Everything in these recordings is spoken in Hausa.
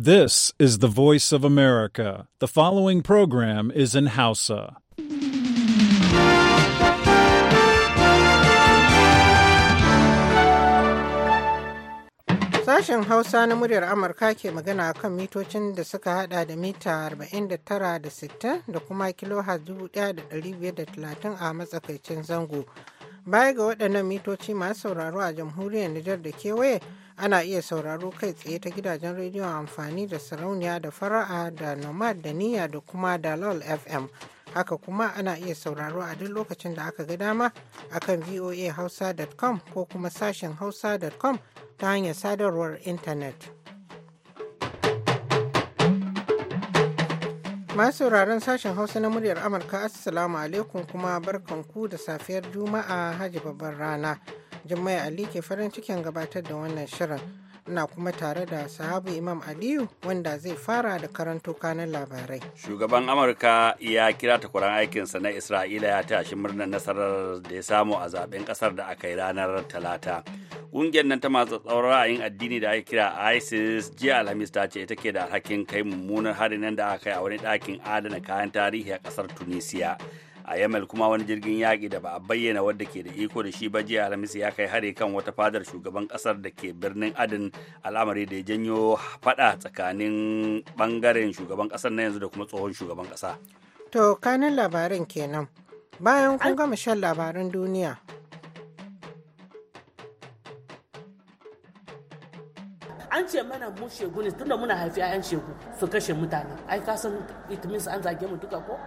This is the voice of America. The following program is in Hausa. Sashen Hausa na muryar Amurka ke magana kan mitocin da suka hada da mita 49 da 60 da kuma kilohaz 1530 a matsakaicin zango. Baya ga waɗannan mitoci masu sauraro a jamhuriyar Nijar da kewaye ana iya sauraro kai tsaye ta gidajen rediyon amfani da sarauniya da fara'a da nomad da niyya da kuma da lol fm haka kuma ana iya sauraro a duk lokacin da aka ga dama akan voahausa.com ko kuma sashen hausa.com ta hanyar sadarwar intanet masu sauraron sashen hausa na muryar amurka assalamu alaikum kuma barkanku da safiyar juma'a hajji babban rana Jummai Ali ke farin cikin gabatar da wannan shirin. na kuma tare da sahabu Imam Aliyu wanda zai fara da karanto kanan labarai. Shugaban Amurka ya kira kuran aikinsa na Isra'ila ya tashi murnar nasarar da ya samu a zaben kasar da aka yi ranar Talata. Ƙungiyar nan ta masu tsaurar ra'ayin addini da ake kira ISIS jiya Alhamis ta ce ita ke da alhakin kai mummunar harin nan da aka yi a wani ɗakin adana kayan tarihi a ƙasar Tunisia. a yamal kuma wani jirgin yaƙi da ba a bayyana wadda ke da iko da shi ba jiya alhamis ya kai hare kan wata fadar shugaban kasar da ke birnin adin al'amari da ya janyo faɗa tsakanin ɓangaren shugaban kasar na yanzu da kuma tsohon shugaban ƙasa to kanin labarin kenan bayan kun gama shan labarin duniya an ce mana mu shegu ne tunda muna haifi 'ya'yan shegu su kashe mutane ai ka san su an zage mu duka ko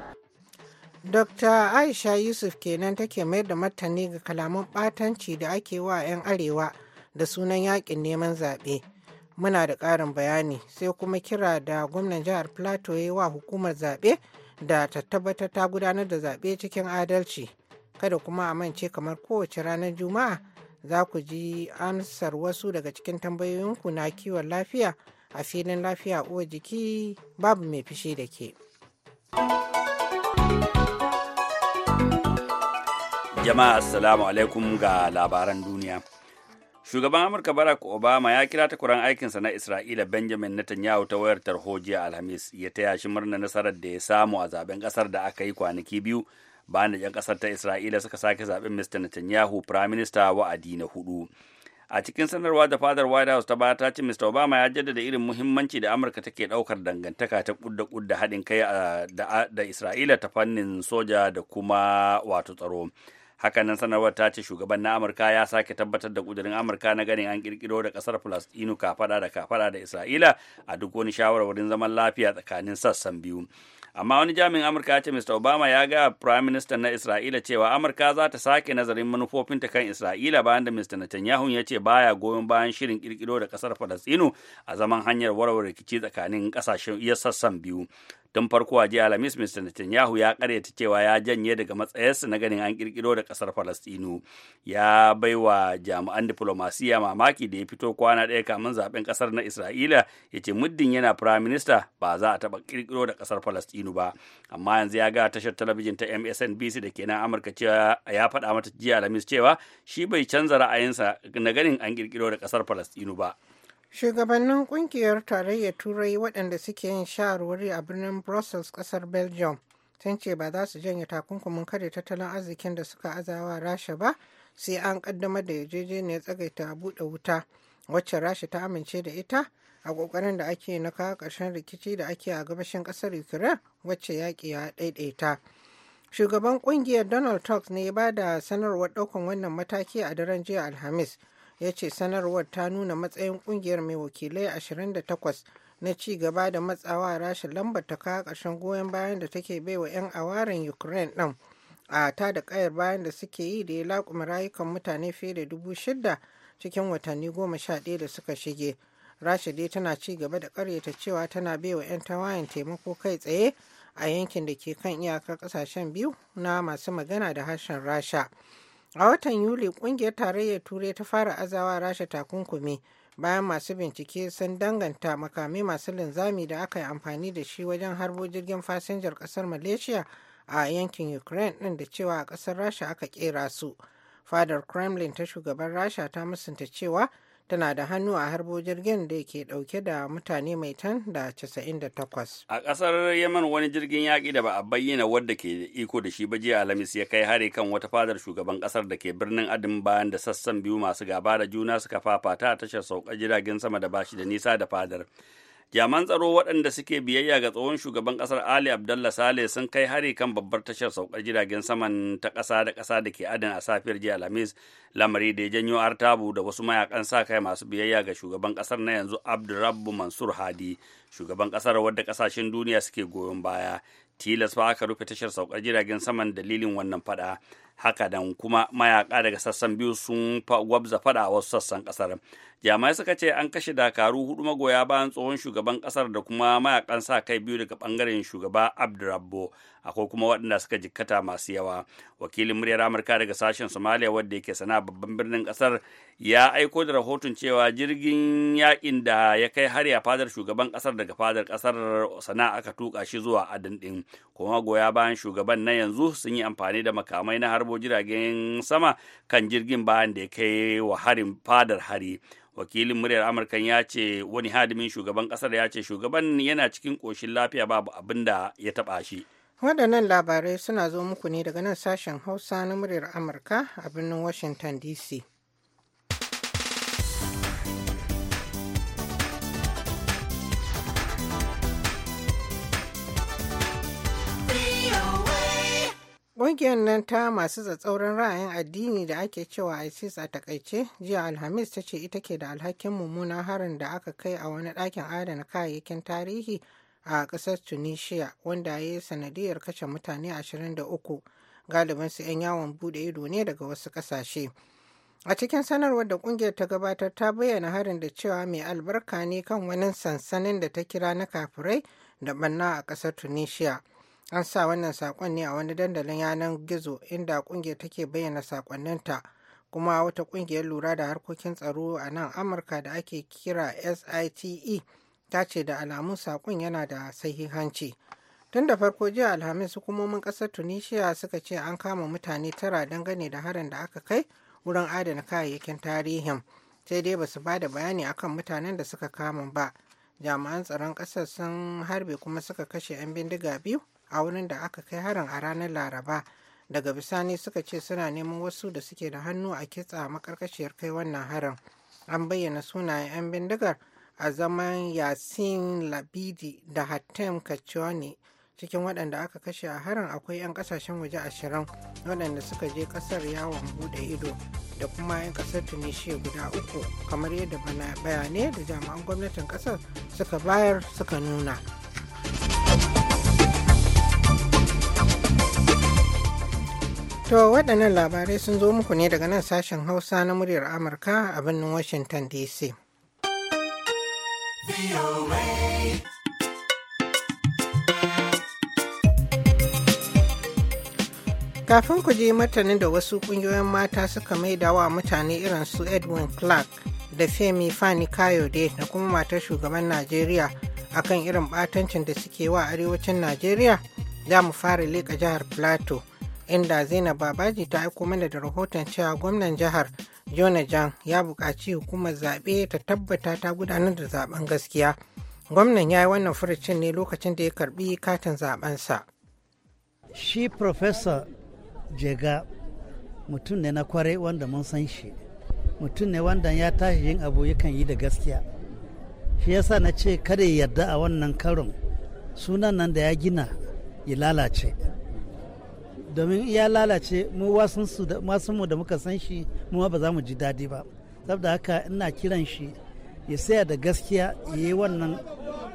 Dr. Aisha Yusuf kenan take mayar da martani ga kalaman ɓatanci da ake wa 'yan arewa da sunan yakin neman zaɓe. Muna da ƙarin bayani sai kuma kira da gwamnan jihar Plateau ya wa hukumar zaɓe da ta tabbatar ta gudanar da zaɓe cikin adalci. Kada kuma a mance kamar kowace ranar Juma'a za ku ji amsar wasu daga cikin tambayoyinku na kiwon lafiya a filin lafiya uwa jiki babu mai fishi da ke. Jama'a assalamu alaikum ga labaran duniya. Shugaban Amurka Barack Obama ya kira takwaran aikinsa na Isra'ila Benjamin Netanyahu ta wayar tarhojiya Alhamis ya taya shi murna nasarar da ya samu a zaben kasar da aka yi kwanaki biyu bayan da 'yan kasar ta Isra'ila suka sake zaben Mr. Netanyahu Prime Minister wa'adi na hudu. A cikin sanarwa da fadar White House ta baya ta ce Mr. Obama ya jaddada irin muhimmanci da Amurka take ɗaukar dangantaka ta kudda kudda haɗin kai da Isra'ila ta fannin soja da kuma wato tsaro. hakanan sanarwar ta ce shugaban na amurka ya sake tabbatar da kudirin amurka na ganin an kirkiro da kasar falastinu kafada da kafada da isra'ila a duk wani shawarwarin zaman lafiya tsakanin sassan biyu amma wani jami'in amurka ya ce mr obama ya ga prime minister na isra'ila cewa amurka za ta sake nazarin manufofinta kan isra'ila bayan da mr netanyahu ya ce baya goyon bayan shirin kirkiro da kasar falastinu a zaman hanyar warware rikici tsakanin kasashen iya sassan biyu tun farko a jiya alamis mr netanyahu ya karyata cewa ya janye daga matsayarsa na ganin an kirkiro da kasar falastinu ya bai wa jami'an diplomasiya mamaki da ya fito kwana daya kamin zaben kasar na isra'ila ya ce muddin yana prime minister ba za a taba kirkiro da kasar falastinu ba amma yanzu ya ga tashar talabijin ta msnbc da ke nan amurka cewa ya faɗa mata jiya alamis cewa shi bai canza ra'ayinsa na ganin an kirkiro da kasar falastinu ba Shugabannin kungiyar tarayyar Turai waɗanda suke yin shawarwari a birnin Brussels ƙasar Belgium sun ce ba za su janye takunkumin kare tattalin arzikin da suka azawa Rasha ba sai an ƙaddamar da yarjejeniyar tsagaita buɗe wuta wacce Rasha ta amince da ita a ƙoƙarin da ake na kawo ƙarshen rikici da ake a gabashin ƙasar Ukraine wacce yaƙi ya ɗaiɗaita. Shugaban ƙungiyar Donald Tusk ne ba da sanarwar ɗaukan wannan mataki a daren jiya Alhamis. ya ce sanarwar ta nuna matsayin kungiyar mai wakilai 28 na ci gaba da matsawa rasha lambar ta kawo ƙarshen goyon bayan da take baiwa 'yan awarin ukraine ɗin a ta da kayar bayan da suke yi da ya laƙuma rayukan mutane fiye da dubu shida cikin watanni goma sha ɗaya da suka shige rasha dai tana ci gaba da ƙaryata cewa tana baiwa 'yan tawayen taimako kai tsaye a yankin da ke kan iyakar ƙasashen biyu na masu magana da harshen rasha a watan yuli kungiyar tarayyar turai ta fara azawa rasha takunkumi bayan masu bincike sun danganta makamai masu linzami da aka yi amfani da shi wajen harbo jirgin fasinjar kasar malaysia a yankin ukraine din da cewa a kasar rasha aka kera su fadar kremlin ta shugaban rasha ta musanta cewa tana da hannu a harbo jirgin da ke dauke da mutane mai tan da 98. A kasar Yemen wani jirgin yaƙi da ba a bayyana wadda ke iko da shi baje Alhamis ya kai hari kan wata fadar shugaban kasar da ke birnin Adin bayan da sassan biyu masu gaba da juna suka fafata a tashar saukar jiragen sama da bashi da nisa da fadar. Jaman tsaro waɗanda suke biyayya ga tsohon shugaban ƙasar Ali Abdullah Saleh sun kai hari kan babbar tashar saukar jiragen saman ta ƙasa da ƙasa da ke adana a safiyar jiya Alhamis, lamari da ya janyo artabu da wasu mayakan sa kai masu biyayya ga shugaban ƙasar na yanzu Abdurrabbu Mansur Hadi, shugaban ƙasar wadda ƙasashen duniya suke goyon baya. Tilas fa aka rufe tashar saukar jiragen saman dalilin wannan fada. haka dan kuma mayaka daga sassan biyu sun gwabza fada wasu sassan kasar jami'ai suka ce an kashe dakaru hudu magoya bayan tsohon shugaban kasar da kuma mayakan sa kai biyu daga bangaren shugaba abdurabbo akwai kuma waɗanda suka jikkata masu yawa wakilin muryar amurka daga sashen somalia wadda yake sana babban birnin kasar ya aiko da rahoton cewa jirgin yakin da ya kai har ya fadar shugaban kasar daga fadar kasar sana aka tuka shi zuwa adin din kuma magoya bayan shugaban na yanzu sun yi amfani da makamai na harbo sabo jiragen sama kan jirgin bayan da ya kai wa harin fadar hari wakilin muryar amurka ya ce wani hadimin shugaban kasar ya ce shugaban yana cikin koshin lafiya babu abin da ya taɓa shi waɗannan labarai suna zo muku ne daga nan sashen hausa na muryar amurka a birnin washington dc Ƙungiyar nan ta masu tsatsauran ra'ayin addini da ake cewa ISIS a takaice jiya Alhamis ta ce ita ke da alhakin mummunan harin da aka kai a wani ɗakin adana kayayyakin tarihi a ƙasar Tunisia wanda ya yi sanadiyar kashe mutane 23 su 'yan yawon bude ido ne daga wasu ƙasashe. A cikin sanarwar da ƙungiyar ta gabatar ta bayyana harin da cewa mai albarka ne kan wani sansanin da ta kira na kafirai da ɓanna a ƙasar Tunisia. An sa wannan saƙon ne a wani dandalin yanar gizo inda ƙungiyar take bayyana saƙonninta kuma wata ƙungiyar lura da harkokin tsaro a nan Amurka da ake kira SITE ta ce da alamun saƙon yana da sahihanci. Tun da farko jiya Alhamis hukumomin ƙasar Tunisia suka ce an kama mutane tara dangane da harin da aka kai wurin adana kayayyakin tarihin. Sai dai basu ba da bayani akan mutanen da suka kama ba. Jami'an tsaron ƙasar sun harbe kuma suka kashe 'yan bindiga biyu a wurin da aka kai harin a ranar laraba daga bisani suka ce suna neman wasu da suke da hannu a kitsa makarkashiyar kai wannan harin an bayyana sunayen 'yan bindigar a zaman yasin labidi da hatem kachoni cikin waɗanda aka kashe a harin akwai 'yan ƙasashen waje ashirin waɗanda suka je ƙasar yawon buɗe ido da kuma 'yan ƙasar tunisia guda uku kamar yadda bayanai da jami'an gwamnatin ƙasar suka bayar suka nuna To waɗannan labarai sun zo muku ne daga nan sashen Hausa na muryar Amurka a birnin Washington DC. Kafin ku je martanin da wasu ƙungiyoyin mata suka maida wa mutane irin su Edwin Clark da Femi Fani Kayode da kuma matar shugaban Najeriya akan irin batancin da suke wa arewacin Najeriya za mu fara leƙa jihar Plateau. inda zainab babaji ta aiko mana da rahoton cewa gwamnan jihar jona jan ya buƙaci hukumar zaɓe ta tabbata ta gudanar da zaben gaskiya gwamnan ya yi wannan furucin ne lokacin da ya karbi katin zabensa shi professor jega mutum ne na kwarai wanda mun san shi mutum ne wanda ya tashi yin abu yakan yi da gaskiya shi yasa na ce kada ya yarda a wannan karon sunan nan da ya gina ya lalace domin ya lalace mu mu da muka san shi mu ba za mu ji daɗi ba saboda haka ina kiran shi ya saya da gaskiya ya yi wannan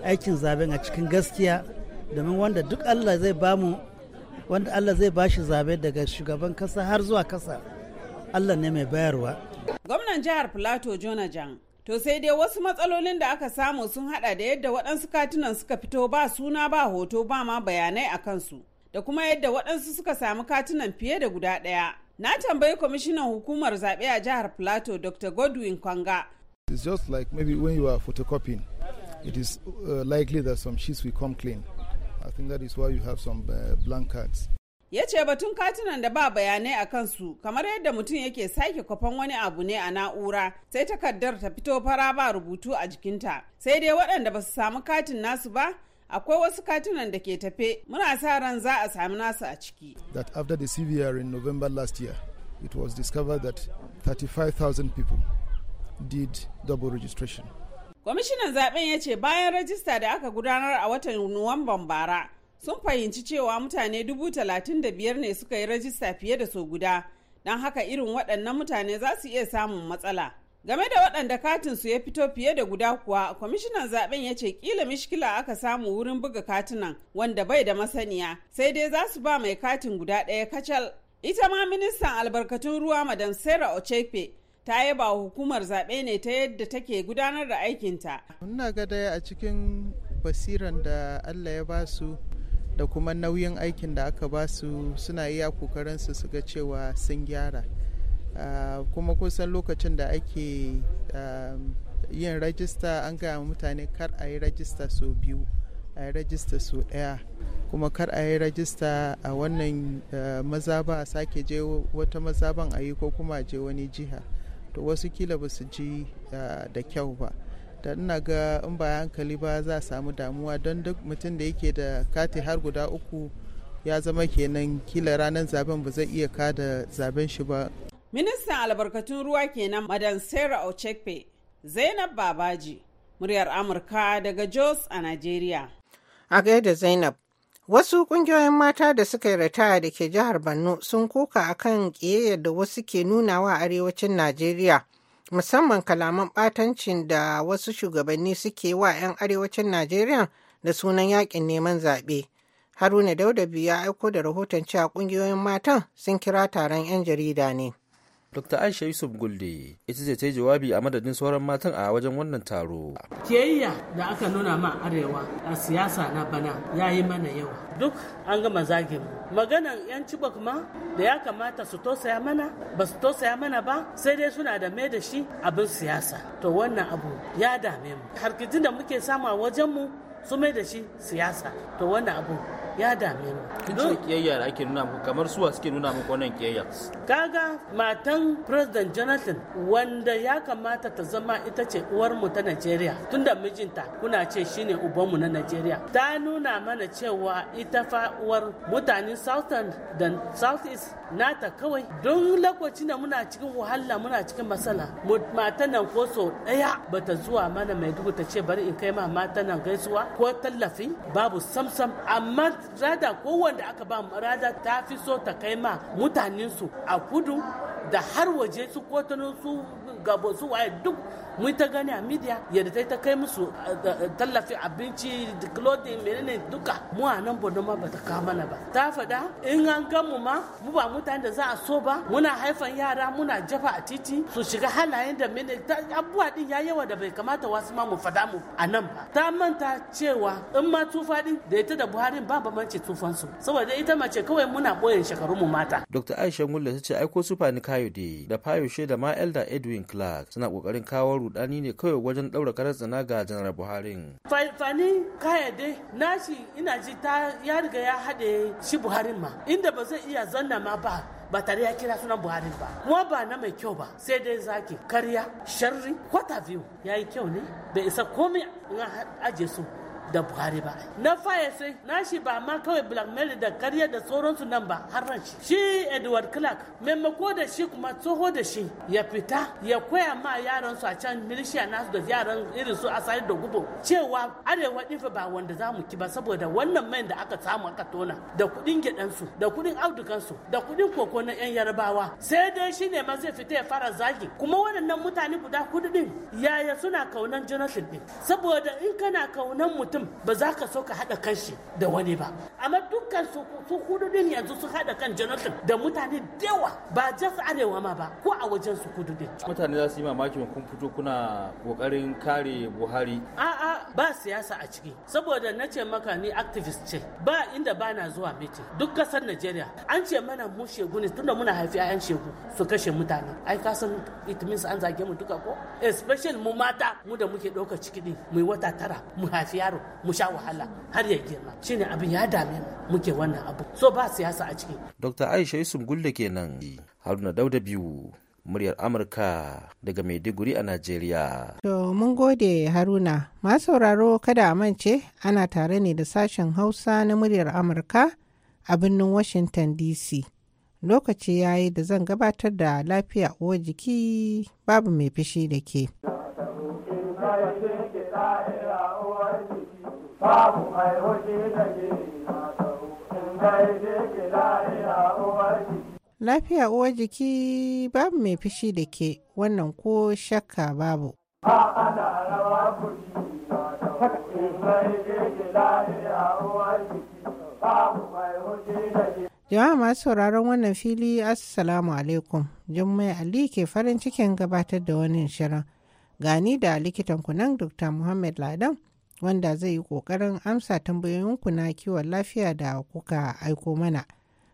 aikin zaben a cikin gaskiya domin wanda duk allah zai ba mu wanda allah zai ba shi zabe daga shugaban kasa har zuwa kasa allah ne mai bayarwa gwamnan jihar plateau jonajan to sai dai wasu matsalolin da aka samu sun hada da yadda waɗansu katunan suka fito ba suna ba hoto ba ma bayanai a kansu da kuma yadda waɗansu suka samu katunan fiye da guda ɗaya. Na tambayi kwamishinan hukumar zaɓe a jihar plato Dr. Godwin Kwanga. It's just like maybe when you are photocopying, it is uh, likely that some sheets will come clean. I think that is why you have some uh, blank cards. Ya ce batun katunan da ba bayanai a kansu kamar yadda mutum yake sake kwafan wani abu ne a na'ura sai takardar ta fito fara ba rubutu a jikinta. Sai dai waɗanda ba su samu katin nasu ba akwai wasu katunan da ke tafe muna sa ran za a sami nasu a ciki. That after the CVR in November last year, it was discovered that 35,000 people did double registration. Kwamishinan zaben ya ce bayan rajista da aka gudanar a watan Nuwamban bara sun fahimci cewa mutane dubu talatin da biyar ne suka yi rajista fiye da so guda, don haka irin waɗannan mutane za su iya samun matsala. game da waɗanda katin su ya fito fiye da guda kuwa kwamishinan zaben ya ce kila mishkila aka samu wurin buga katinan wanda bai da masaniya sai dai za su ba mai katin guda ɗaya kacal ita ma ministan albarkatun ruwa madam sarah ochepe ta yaba hukumar zaɓe ne ta yadda take gudanar da aikinta. Muna ga dai a cikin basiran da Allah ya ba su da kuma nauyin aikin da aka ba su suna iya kokarin su su ga cewa sun gyara. Ah, kuma kusan lokacin da ake ah, yin rajista an gaya mutane kar a yi rajista so biyu a yi rajista so ɗaya kuma kar a yi rajista a wannan ah, mazaba a sake je wata ban a yi ko kuma je wani jiha to wasu kila ba su ji da kyau ba da ina ga in ba hankali ba za a samu damuwa don duk mutum da yake da kati har guda uku ya zama kenan kila ranar zaben ba zai iya kada zaben shi ba Ministan albarkatun ruwa kenan Madan Sarah Ochepe Zainab Babaji, muryar Amurka daga Jos a Najeriya. A da Zainab, wasu kungiyoyin mata da suka yi ritaya da ke jihar Borno sun koka akan ƙiyayyar da wasu ke nunawa wa arewacin Najeriya, musamman kalaman ɓatancin da wasu shugabanni suke wa 'yan arewacin Najeriya da sunan yakin neman zaɓe. Haruna Daudabi ya aiko da rahoton cewa kungiyoyin matan sun kira taron 'yan jarida ne. Dr. Aisha Yusuf Gulde ita ce ta yi jawabi a madadin sauran matan a wajen wannan taro. Kiyayya da aka nuna ma arewa a siyasa na bana ya yi mana yawa. Duk an gama zagin maganan 'yan cibok ma da ya kamata su tosaya mana ba su tosaya mana ba sai dai suna da mai da shi abin siyasa to wannan abu ya dame mu harkijin da muke sama wajen mu su mai da shi siyasa to wannan abu ya dame ni kin ce kiyayya da ake nuna muku kamar suwa suke nuna muku wannan kiyayya kaga matan president Jonathan wanda ya kamata ta zama ita ce uwar mu ta Najeriya tunda mijinta kuna ce shine uban mu na Najeriya ta nuna mana cewa ita fa uwar mutanen Southern da Southeast nata kawai don lokacin da muna cikin wahala muna cikin matsala matan nan ko so daya bata zuwa mana mai dugu ta ce bari in kai ma matan nan gaisuwa ko tallafi babu samsam amma rada kowanda aka ba rada ta fi so ta kai ma mutanensu a kudu da har waje su kotunan su gabo su waye duk mun ta gani a media yadda ta ta kai musu eh, eh, tallafi abinci clothing menene duka mu a nan bodo ma bata kama mana ba ta fada in an ga mu ma mu ba mutane da za a so ba muna haifan yara muna jafa a titi su shiga halayen da mene abubuwa din ya yawa da bai kamata wasu ma mu fada mu a nan ba ta manta cewa in ma tufa din da ita da buhari ba bambanci tufansu saboda ita mace kawai muna boyen shekaru mu mata dr aisha mulla ta ce aiko sufa ni Kayode da Fayo da ma Elder Edwin Clark suna kokarin kawo rudani ne kawai wajen daura karar tsana ga Janar Buhari. Fani Kayode nashi ina ji ta ya riga ya haɗe shi Buhari ma inda ba zai iya zanna ma ba ba tare ya kira sunan buhari ba kuma ba na mai kyau ba sai dai zaki karya sharri kwata biyu ya yi kyau ne bai isa komai in ajiye su da buhari ba na faya sai shi ba ma kawai blackmail da karya da sauransu nan ba har ran shi shi edward clark maimako da shi kuma tsoho da shi ya fita ya koya ma yaran su a can milishiya nasu da yaran irin su asali da gubo cewa arewa difa ba wanda za mu ki ba saboda wannan mai da aka samu aka tona da kudin gyaɗansu da kudin audukansu da kudin koko na yan yarbawa sai dai shi ne ma zai fita ya fara zagi kuma waɗannan mutane guda kudu din yaya suna kaunan jonathan din saboda in kana kaunan mutum mutum ba za ka so ka haɗa kanshi da wani ba amma dukkan su hududin yanzu su haɗa kan jonathan da mutane dewa ba jas arewa ma ba ko a wajen su hududin mutane za su yi mamaki kun fito kuna kokarin kare buhari a'a ba siyasa a ciki saboda na ce maka ni activist ce ba inda ba na zuwa miti duk kasar najeriya an ce mana mu shegu ne tunda muna haifi 'ya'yan shegu su kashe mutane ai ka san it means an zage mu duka ko especially mu mata mu da muke ɗauka ciki din mu wata tara mu haifi yaro mu sha wahala har ya girma shine abin ya dame muke wannan abu so ba siyasa a ciki dr aisha yusuf gulle kenan haruna dauda biyu muryar amurka daga maiduguri a najeriya to mun gode haruna ma sauraro kada a mance ana tare ne da sashen hausa na muryar amurka a birnin washington dc lokaci yayi da zan gabatar da lafiya uwar jiki babu mai fishi da ke. Lafiya uwar jiki babu mai fishi da ke wannan ko shakka babu. Ba Jama'a masu sauraron wannan fili Assalamu alaikum. Jummai Ali ke farin cikin gabatar da wani shirin. Gani da likitan kunan Dr. Muhammad Ladan wanda zai yi ƙoƙarin amsa tambayoyinku na kiwon lafiya da kuka aiko mana.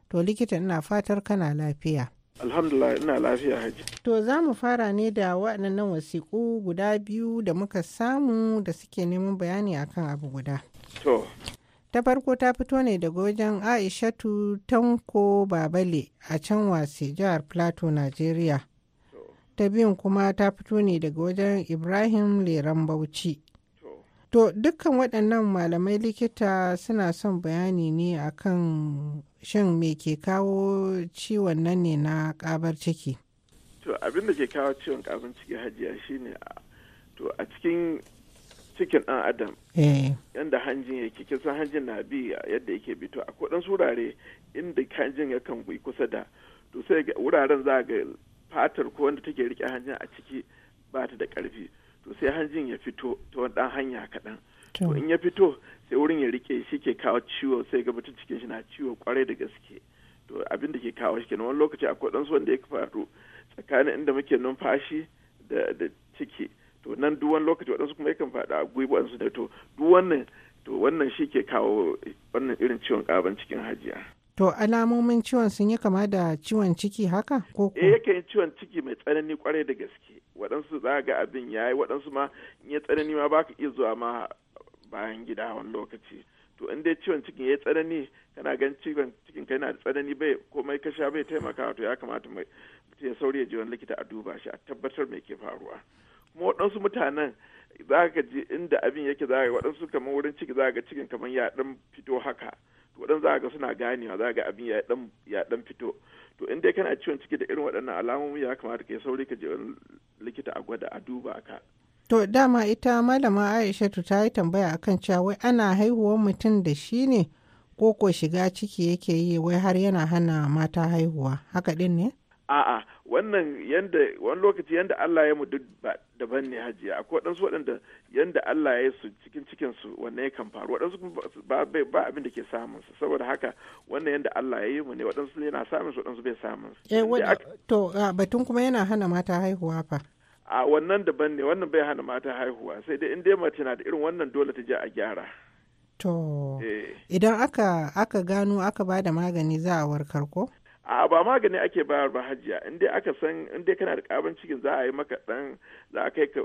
To likita ina fatar kana lafiya. Alhamdulillah ina lafiya haji. To za mu fara ne da waɗannan wasiƙu guda biyu da muka samu da suke neman bayani akan abu guda. To. Ta farko ta fito ne daga wajen Aishatu Tanko Babale a can wasi jihar Plateau, Najeriya. Ta biyun kuma ta fito ne daga wajen Ibrahim Leran Bauchi. To dukkan waɗannan malamai likita suna son bayani ne akan shan me ke kawo ciwon nan ne na ƙabar ciki. To abin da ke kawo ciwon ƙabar ciki hajiya shi ne a cikin cikin ɗan adam eh. yadda hanjin yake kisan hanjin na bi yadda yake bi to a kuɗin surare inda hanjin yakan bi kusa da to sai wuraren za ga fatar ko wanda take rike hanjin a ciki ba ta da ƙarfi. to sai hanjin ya fito ta dan hanya kaɗan to in ya fito sai wurin ya rike shi ke kawo ciwo sai ga mutum cikin shi na ciwo kwarai da gaske to abin da ke kawo shi kenan wani lokaci akwai ɗan wanda ya faru tsakanin inda muke numfashi da da ciki to nan duk wani lokaci waɗansu kuma yakan faɗa a gwiwansu da to duk wannan to wannan shi ke kawo wannan irin ciwon ƙaban cikin hajiya. To alamomin ciwon sun yi kama da ciwon ciki haka? Ko eh yakan yi ciwon ciki mai tsanani kwarai da gaske. waɗansu za ga abin ya yi waɗansu ma in ya tsanani ma baka iya zuwa ma bayan gida wani lokaci to in dai ciwon cikin ya tsanani kana gan ciwon cikin kai na da tsanani bai komai ka sha bai taimaka to ya kamata mutum ya sauri ya je wani likita a duba shi a tabbatar me ke faruwa kuma waɗansu mutanen za ka ji inda abin yake za ka waɗansu kamar wurin ciki za ka ga cikin kamar ya ɗan fito haka waɗanda za ga suna ganewa za ga abin ya dan fito to in dai kana ciwon ciki da irin waɗannan alamomi ya kamata ka yi sauri ka je wani likita a gwada a duba ka to dama ita malama aishatu ta yi tambaya akan cewa wai ana haihuwar mutum da shi ne ko ko shiga ciki yake yi wai har yana hana mata haihuwa haka din ne a'a wannan yanda wani lokaci yanda Allah ya mu duk daban ne hajiya akwai waɗansu waɗanda yanda Allah ya su cikin cikin su wannan yakan faru waɗansu ba ba abin da ke samun su saboda haka wannan yanda Allah ya yi mu ne waɗansu yana samun su waɗansu bai samun su eh, to batun kuma yana hana mata haihuwa fa a wannan daban ne wannan bai hana mata haihuwa sai dai in dai mace na da irin wannan dole ta je a gyara to eh. idan aka aka gano aka ba da magani za a warkar ko a ba magani ake bayar ba hajiya in dai aka san in dai kana da ƙaban cikin za a yi maka dan za a kai ka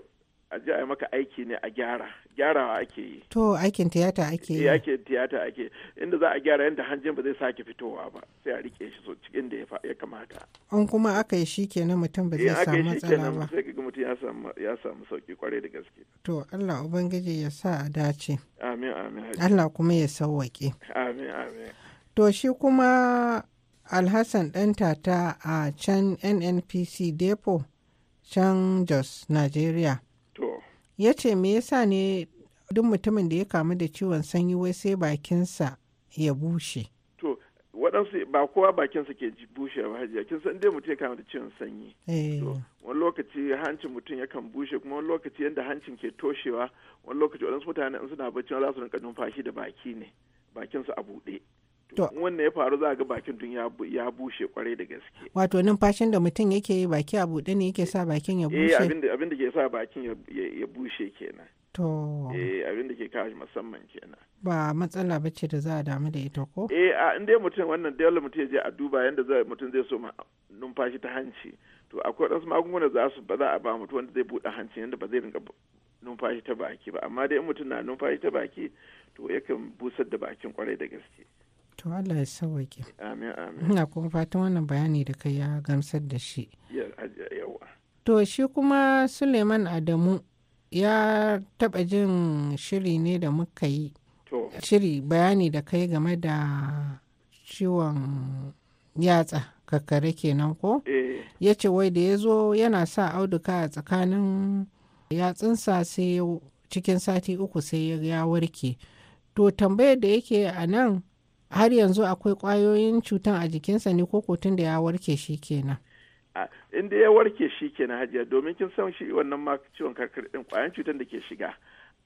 a ji a maka aiki ne a gyara gyarawa ake yi to aikin tiyata ake yi eh, aikin tiyata ake inda za a gyara yadda hanjin ba zai sake fitowa ba sai a rike shi so cikin da ya kamata an kuma aka yi shi kenan mutum ba zai eh, samu matsala ba sai kaga mutum ya samu sauki kwarai da gaske to Allah ubangiji ya sa a dace amin amin Allah kuma ya sauwake amin amin to shi kuma Alhassan ɗan tata a can NNPC Depo can Jos, Nigeria. ya ce me yasa ne duk mutumin da ya kamu da ciwon sanyi wai sai bakinsa ya bushe to waɗansu ba kowa bakinsa ke bushe ba hajiya kin san dai mutum ya kamu da ciwon sanyi eh. wani lokaci hancin mutum yakan bushe kuma wani lokaci yadda hancin ke toshewa wani lokaci waɗansu mutane in suna bacci za su rinka numfashi da baki ne bakinsu a buɗe wannan ya faru za ga bakin tun ya bushe kwarai da gaske wato numfashin da mutum yake yi baki a buɗe ne yake sa bakin ya bushe eh abinda ke sa bakin ya bushe kenan to eh abinda ke kawo musamman kenan ba matsala ba ce da za a damu da ita ko eh a inda mutum wannan dole mutum ya je a duba yadda mutum zai so numfashi ta hanci to akwai wasu magunguna za su ba za a ba mutum wanda zai buɗe hanci yadda ba zai rinka numfashi ta baki ba amma dai in mutum na numfashi ta baki to yakan busar da bakin kwarai da gaske To Allah ya sauwaƙe. Amin amin. Ina kuma fatan wannan bayani da kai ya gamsar da shi. Yawa. To shi kuma Suleiman Adamu ya taɓa jin shiri ne da muka yi. To. Shiri bayani da kai game da ciwon yatsa kakkare kenan ko? Eh. Ya ce wai da ya zo yana sa auduka a tsakanin yatsunsa sai cikin sati uku sai ya warke. To tambayar da yake a nan har yanzu akwai kwayoyin cutan a jikinsa ne ko tun da ya warke shi kenan in da ya warke shi kenan hajiya domin kin san shi wannan ma ciwon karkar din kwayon cutan da ke shiga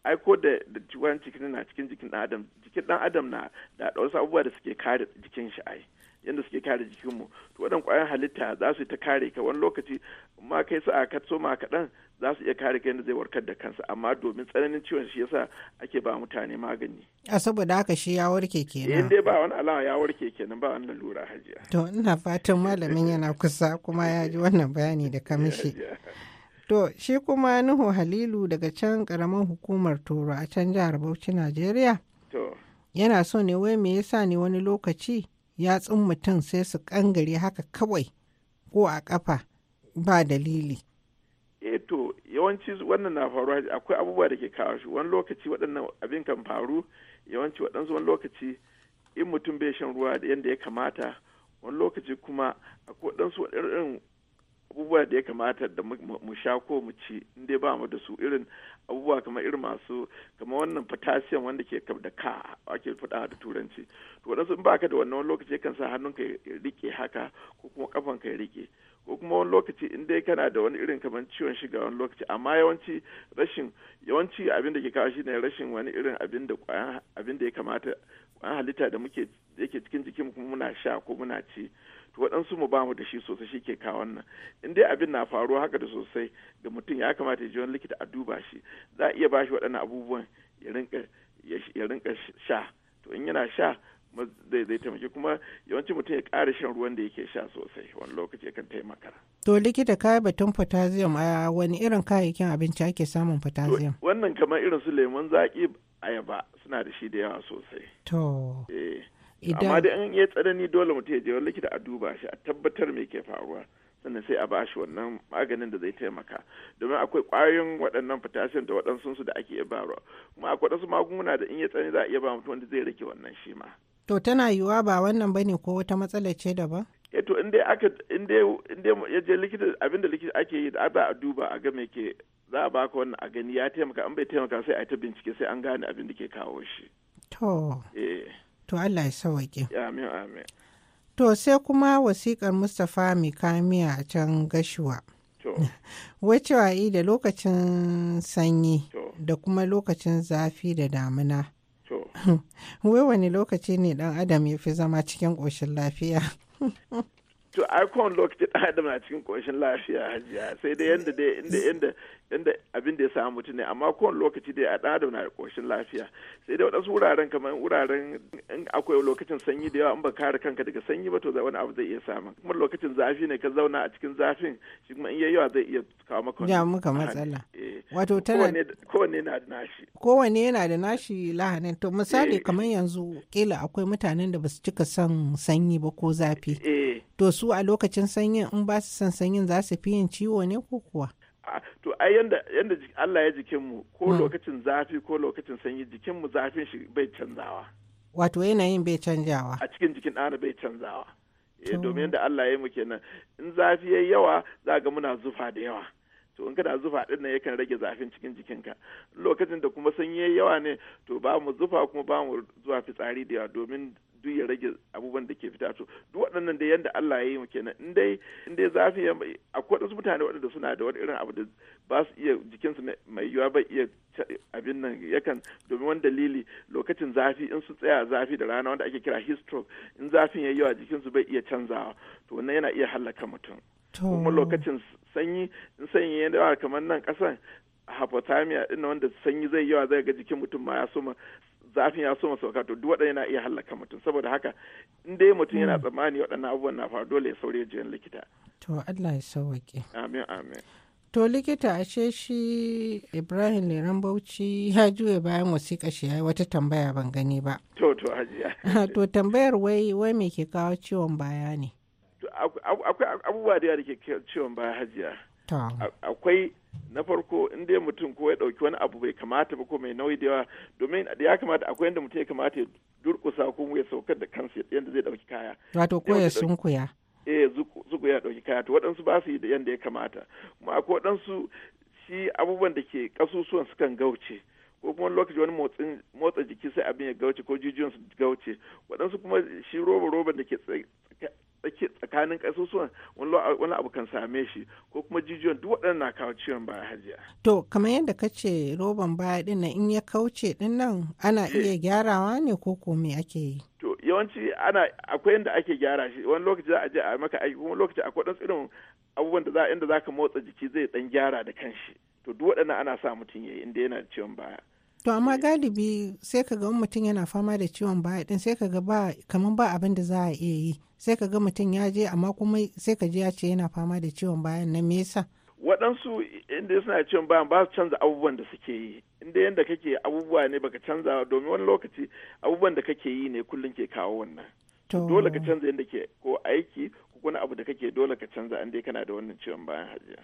ai ko da ciwon cikin na cikin jikin dan adam jikin dan adam na da wasu abubuwa da suke kare jikin shi ai yadda suke kare jikinmu to waɗannan ƙwayan halitta za su ta kare ka wani lokaci ma kai sa a katso ma kaɗan za su iya kare ka yadda zai warkar da kansa amma domin tsananin ciwon shi yasa ake ba mutane magani. a saboda haka shi ya warke kenan. in dai ba wani alama ya warke kenan ba wani lura hajiya. to ina fatan malamin yana kusa kuma ya ji wannan bayani da kamishi. To shi kuma Nuhu Halilu daga can karamin hukumar turo a can jihar Bauchi, Najeriya. To. Yana so ne wai me yasa ne wani lokaci yatsun mutum sai su kangare haka kawai ko a kafa ba dalili eh to yawanci wannan na faruwa akwai abubuwa da ke kawo shi wani lokaci waɗannan abin kan faru yawanci waɗansu wani lokaci in mutum bai shan ruwa yadda ya kamata wani lokaci kuma akwai waɗansu waɗannan abubuwa da ya kamata da mu sha ko mu ci in dai ba mu da su irin abubuwa kamar irin masu kamar wannan potassium wanda ke da ka ake faɗa da turanci to wadansu sun baka da wannan lokaci kan sa ka ya rike haka ko kuma kafan ya rike ko kuma wani lokaci in dai kana da wani irin kamar ciwon shiga wani lokaci amma yawanci rashin yawanci abin da ke kawo shi ne rashin wani irin abin da abin da ya kamata kwayan halitta da muke yake cikin jikin kuma muna sha ko muna ci to waɗansu mu bamu da shi sosai shi ke kawo wannan in dai abin na faruwa haka da sosai ga mutum ya kamata ya je wani likita a duba shi za a iya ba shi waɗannan abubuwan ya rinka sha to in yana sha zai zai taimaki kuma yawanci mutum ya ƙara shan ruwan da yake sha sosai wani lokaci kan taimaka. To likita kaya batun potassium a wani irin kayayyakin abinci ake samun potassium? Wannan kamar irin su lemun zaƙi ayaba suna da shi da yawa sosai. To. Eh. amma da in ya tsanani dole mutum ya je wani likita a duba shi a tabbatar me ke faruwa sannan sai a ba shi wannan maganin da zai taimaka domin akwai ƙwayoyin waɗannan potassium da waɗansu da ake iya ba kuma akwai wasu magunguna da in ya tsani za a iya ba mutum wanda zai rike wannan shi ma. to tana yiwuwa ba wannan ba ne ko wata matsala ce ba. eh to in dai aka in dai in dai ya je likita abinda likita ake yi da ba a duba a ga me ke za a baka wannan a gani ya taimaka in bai taimaka sai a ta bincike sai an gane abin da ke kawo shi. to. eh. To Allah ya sawaƙe. Amin amin. To sai kuma wasiƙar Mustapha mai kamiya a can gashuwa. Wace yi da lokacin sanyi da kuma lokacin zafi da damina. Wai wani lokaci ne ɗan Adam ya fi zama cikin ƙoshin lafiya? to ai kowane lokaci ɗan adam na cikin ƙoshin lafiya hajiya sai da yadda inda dan abin da ya samu mutum ne amma kowane lokaci dai a ɗan adam na da ƙoshin lafiya sai dai waɗansu wuraren kamar wuraren in akwai lokacin sanyi da yawa in ba kare kanka daga sanyi ba to wani abu zai iya samu kuma lokacin zafi ne ka zauna a cikin zafin shi kuma in yayi yawa zai iya kawo maka ya muka matsala eh, wato tana kowanne na da nashi kowanne yana da nashi lahanin to misali eh. kamar yanzu kila akwai mutanen da basu cika son sanyi ba ko zafi eh. to su a lokacin sanyin in ba su son sanyin za su fi yin ciwo ne ko kuwa to ai yanda yanda Allah ya jikin mu ko hmm. lokacin zafi ko lokacin sanyi jikin mu zafin shi bai canzawa wato yanayin bai canjawa a cikin jikin ɗana bai canzawa eh domin da Allah ya yi mu kenan in zafi yayi yawa za ga muna zufa da yawa to in kana zufa din nan yakan rage zafin cikin jikinka lokacin da kuma sanyi yayi yawa ne to ba mu zufa kuma ba mu zuwa fitsari da yawa domin duk ya rage abubuwan da ke fita to duk waɗannan da yanda Allah ya yi mu kenan in dai in dai zafi ya akwai wasu mutane waɗanda suna da wani irin abu da ba su iya jikinsu mai yiwuwa ba iya abin nan yakan domin wani dalili lokacin zafi in su tsaya zafi da rana wanda ake kira heat in zafin ya yi yawa jikinsu bai iya canzawa to wannan yana iya hallaka mutum kuma lokacin sanyi in sanyi ya yawa kamar nan kasan hypothermia na wanda sanyi zai yawa zai ga jikin mutum ma ya soma zafin ya soma sauka to duk waɗannan yana iya hallaka mutum saboda haka in dai mutum yana hmm. tsammani waɗannan abubuwan na faru dole ya saurare jiyan likita to Allah ya sauke amin amin to likita ashe shi ibrahim leran bauchi ya juya bayan wasiƙa shi ya wata tambaya ban gani ba to to hajiya to tambayar wai wai me ke kawo ciwon baya ne akwai abubuwa da yawa da ke ciwon baya hajiya akwai na farko in dai mutum ko ya dauki wani abu bai kamata ba ko mai nauyi da yawa domin da ya kamata akwai yadda mutum ya kamata ya durƙusa ko ya saukar da kansa yadda zai dauki kaya wato ko ya sunkuya eh zuku ya ɗauki kaya to waɗansu ba su yi da yanda ya kamata kuma akwai waɗansu shi abubuwan da ke ƙasusuwan sukan gauce ko kuma lokaci wani motsa jiki sai abin ya gauce ko jijiyon su gauce waɗansu kuma shi roba roban da ke tsaki tsakanin ƙasusuwan wani abu kan same shi ko kuma jijiyon duk waɗannan na kawo ciwon baya hajiya. To kamar yadda ka ce roban baya ɗin nan in ya kauce ɗin nan ana eh. iya gyarawa ne ko ko me ake yi? To yawanci ana akwai yadda ake gyara shi wani lokaci za a je a maka aiki kuma lokaci akwai ɗan tsirin abubuwan da za inda za ka motsa jiki zai ɗan gyara da kanshi. To duk waɗannan ana sa mutum ya yi inda yana ciwon baya. to amma galibi sai ka ga mutum yana fama da ciwon baya din sai ka ga ba kamar ba abin da za a iya yi sai ka ga mutum ya je amma kuma sai ka ji ya ce yana fama da ciwon bayan na me yasa waɗansu inda suna ciwon bayan ba su canza abubuwan da suke yi inda yadda kake abubuwa ne baka canza domin wani lokaci abubuwan da kake yi ne kullum ke kawo wannan dole ka canza yadda ke ko aiki ko wani abu da kake dole ka canza an dai kana da wannan ciwon bayan hajiya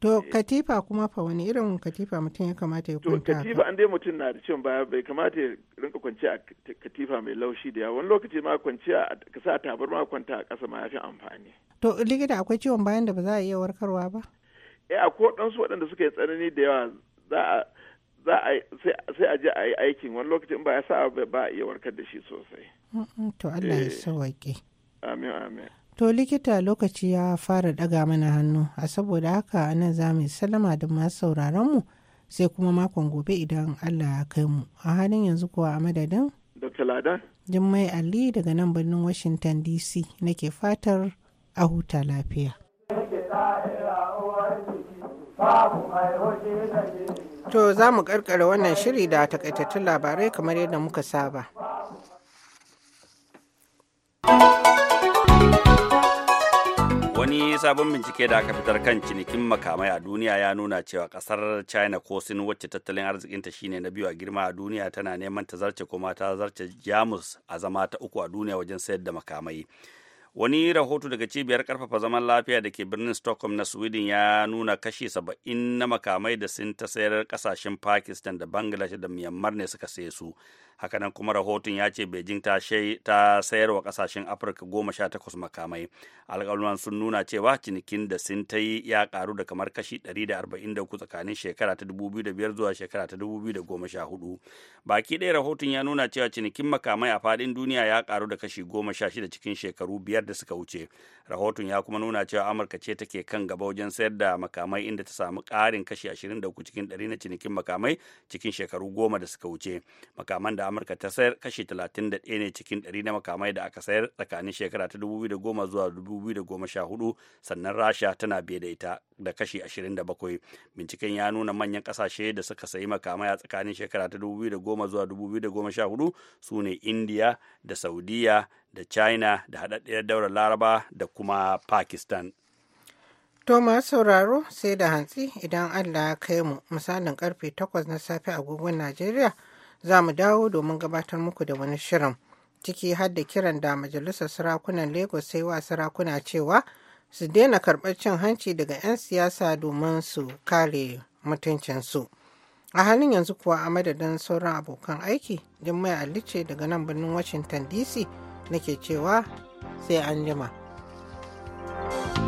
To eh. katifa kuma fa wani irin katifa mutum ya kamata ya kwanta? To katifa an dai mutum na da cin baya bai kamata ya rinka kwanciya a katifa mai laushi da yawa wani lokaci ma kwanciya ka sa tabar ma kwanta a ƙasa ma ya fi amfani. To likita akwai ciwon bayan da ba za a iya warkarwa ba? Eh akwai ɗansu waɗanda suka yi tsanani da yawa za a za a sai a je a yi aikin wani lokacin ba ya sa ba a iya warkar da shi sosai. To Allah ya eh. sauwaƙe. Amin amin. To likita lokaci ya fara ɗaga mana hannu, a saboda haka nan za mu salama da masu mu sai kuma makon gobe idan Allah ya kai mu. A halin yanzu kuwa a madadin? Dr. Lada. Jummai Ali daga nan birnin Washington DC nake fatar a huta lafiya. To za mu karkara wannan shiri da takaitattun labarai kamar yadda muka saba. wani sabon bincike da aka fitar kan cinikin makamai a duniya ya nuna cewa kasar china ko sin wacce tattalin arzikinta shine na biyu a girma a duniya tana neman ta zarce kuma ta zarce jamus a zama ta uku a duniya wajen sayar da makamai wani rahoto daga cibiyar karfafa zaman lafiya da ke birnin stockholm na sweden ya nuna kashi saba'in na makamai da sun ta sayar kasashen pakistan da bangladesh da myanmar ne suka saye su hakanan kuma rahoton ya ce beijing ta sayar wa kasashen afirka goma sha takwas makamai alƙaluman sun nuna cewa cinikin da sun ta yi ya karu da kamar kashi 143 tsakanin shekara ta 2005 zuwa shekara ta 2014 baki ɗaya rahoton ya nuna cewa cinikin makamai a faɗin duniya ya karu da kashi 16 cikin shekaru biyar da suka wuce rahoton ya kuma nuna cewa amurka ce take kan gaba wajen sayar da makamai inda ta samu ƙarin kashi 23 cikin 100 na cinikin makamai cikin shekaru goma da suka wuce makaman da amurka ta sayar kashi 31 ne cikin 100 na makamai da aka sayar tsakanin shekara ta 2010 zuwa 2014 sannan rasha tana biye da ita da kashi 27 binciken ya nuna manyan kasashe da suka sayi makamai a tsakanin shekara ta 2010 zuwa 2014 su ne india da saudiya da china da haɗaɗɗiyar daular laraba da kuma pakistan Toma sauraro sai da hantsi idan Allah ya kai mu misalin karfe 8 na safe agogon Najeriya za mu dawo domin gabatar muku da wani shirin ciki har da kiran da majalisar sarakunan lagos sai wa sarakuna cewa su daina karɓar cin hanci daga 'yan siyasa domin su kare mutuncinsu a halin yanzu kuwa a madadin sauran abokan aiki jimmai alice daga nan birnin washington dc nake cewa sai an jima. thank you